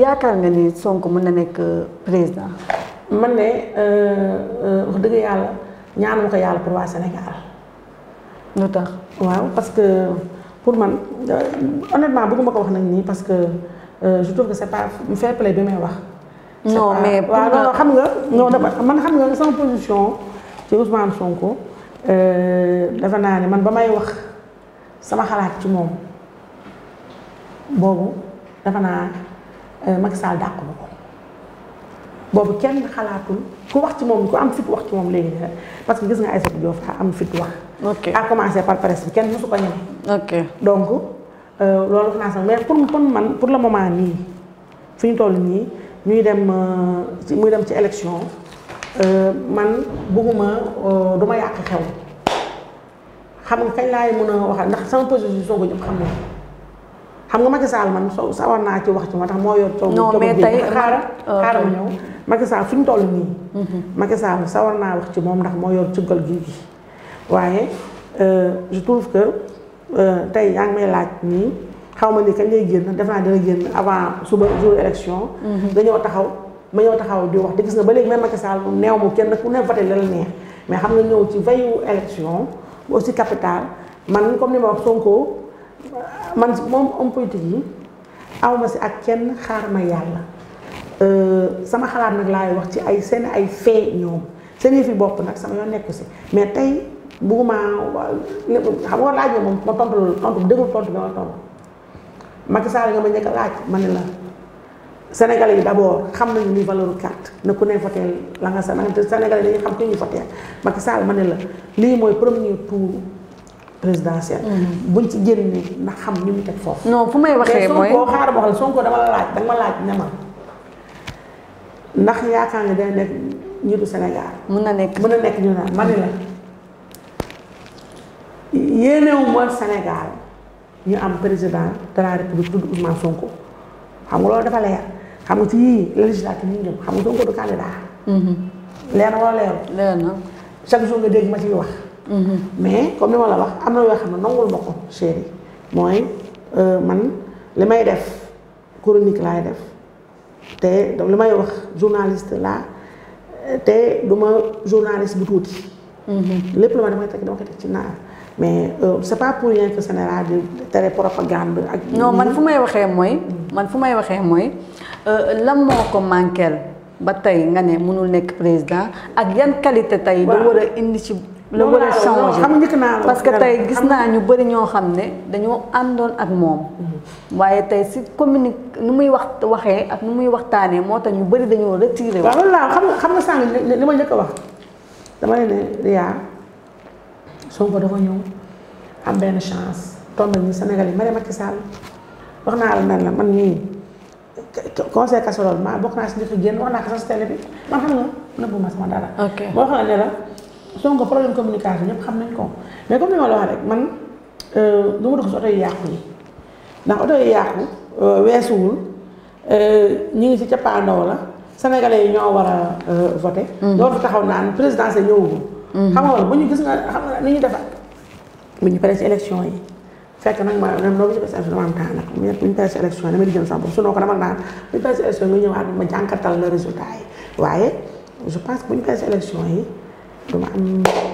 yaakaar nga ni Sonko mën na nekk président. man ne euh, euh, wax dëgg yàlla ñaanu ko yàlla pour waa Sénégal. lu tax waaw parce que pour man euh, honnêtement bëgguma ko wax nag nii parce que je trouve que c'est pas bi may wax. non mais waaw xam nga. non dafa man xam nga sama position ci Ousmane Sonko dafa naa ne man ba may wax. sama xalaat ci moom boobu dafa naa euh, Macky Sall dàq ma ko boobu kenn xalaatul ku wax ci moom ku am fit wax ci moom léegi nga parce que gis nga Aïssatou Diop a am fit wax. ok à commencer par presse bi kenn mësu ko ñeme. ok donc euh, loolu naa sax mais pour pour man pour le moment nii fi ñu toll nii ñuy dem euh, ci muy dem ci élection man bëgguma duma yàq xew. xam nga kañ laay mën a wax ndax sama position Sonko ñëpp xam nga xam nga Macky man soo sa naa ci wax ci moo tax moo yor. coow coow bi xaaral xaaral ma ñëw. fi mu toll nii. Mhm. Macky Sall sa naa wax ci moom ndax moo yoon cuggal gii gi waaye euh, je trouve que euh, tey yaa ngi may laaj nii xaw ma ni kañ lay génn def naa dina génn avant suba jour élection. Mhm. dañoo taxaw ma ñëw taxaw di wax te gis nga ba léegi même Macky Sall neew mu kenn ku ne voté la la neex mais xam nga ñëw ci veyu élection. aussi capital man comme ni ma wax Sonko man moom homme politique yi awma si ak kenn xaar ma yàlla euh, sama xalaat nag laay wax ci ay seen ay fee ñoom seen yëfi bopp nag sama yoon nekku si mais tey bugguma xam nga laaj moom ma tontu loolu tontu bu dëggul tontu bi ma tontu Macky Sall nga ma njëkk laaj ma ne la Sénégalais yi d' abord xam nañu ni valeur carte na ku ne voteel la nga sa na te Sénégalais dañuy xam ku ñuy voteel Macky Sall ma ne la lii mooy premier tour présidentiel. Mhm. buñ ci génnee ndax xam ni mu teg foofu. non fu may waxee mooy te Sonko xaaral ma Sonko dama la laaj laaj ne ma ndax yaakaar nga day nekk njiitu Sénégal. mun na nekk mun na nekk ñu naan ma ne la yéenewu Sénégal ñu am président de la république tudd Ousmane Sonko xam nga loolu dafa leer. xam nga ci législative yi ñu jëm xam nga Sonko du candidat. Mhm. dégg ma ciy wax. Mhm. mais comme ni ma la wax am na yoo xam ne nangul ma ko chéri mooy euh, man li may def chronique laay def te li may wax journaliste laa te duma ma journaliste bu tuuti. Mhm. lépp lu ma damay teg dama ko teg ci naar mais euh, c'est pas pour rien que Sénégal di tere propagande ak. non man fu may waxee mooy. man fu may waxee mooy. Euh, lan moo ko manqueel ba tey nga ne mënul nekk président ak yan qualité tey la war a indi ci la war a changé parce que tey gis naa ñu bëri ñoo xam ne dañoo àndoon ak moom mhm. waaye tey si communique nu muy wax waxee ak nu muy waxtaanee moo tax ñu bëri dañoo retiré waaw loolu laa xam nga xam nga sànq li ma njëkk wax dama ne ne yaa Sonko dafa ñëw am benn chance tombé ñu Sénégal yi ma dem Macky Sall wax naa la ne man nii conseil casserole ma bokk naa si njëkk a génn wax naa ko sax si télé bi man xam nga nëbbu ma sama dara. ok boo communication ñëpp xam nañ ko mais comme ni ma la wax rek euh, ma dugg si oto yu yàqu yi ndax oto yu yàqu euh, euh, ñu ngi si cappaandaw la sénégalais yi nga war a voté. Mm. loolu taxaw naan présidentiel ñëwagul. Mm. xam nga wala bu ñu gis nga xam nga ni ñu defar bu ñu paree si élection yi. fekk nag maanaam même loolu si élection dama am temps nag bu ñu di jëm sama su noo ko dama naan bu ñu passé élection nga ñëwaat ma jànkatal la résultat yi waaye je pense que bu ñu passé élection yi duma am